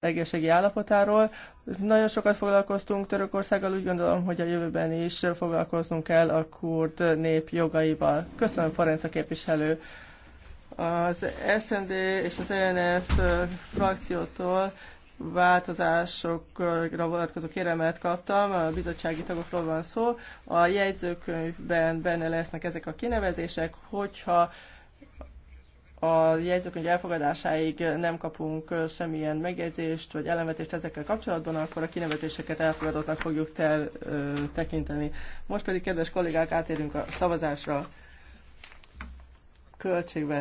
egészségi állapotáról. Nagyon sokat foglalkoztunk Törökországgal, úgy gondolom, hogy a jövőben is foglalkoznunk kell a kurd nép jogaival. Köszönöm, Ferenc képviselő. Az SND és az ENF frakciótól változásokra vonatkozó kéremet kaptam, a bizottsági tagokról van szó. A jegyzőkönyvben benne lesznek ezek a kinevezések, hogyha a jegyzőkönyv elfogadásáig nem kapunk semmilyen megjegyzést vagy elemetést ezekkel kapcsolatban, akkor a kinevezéseket elfogadottnak fogjuk ter, ö, tekinteni. Most pedig, kedves kollégák, átérünk a szavazásra. Költségvet.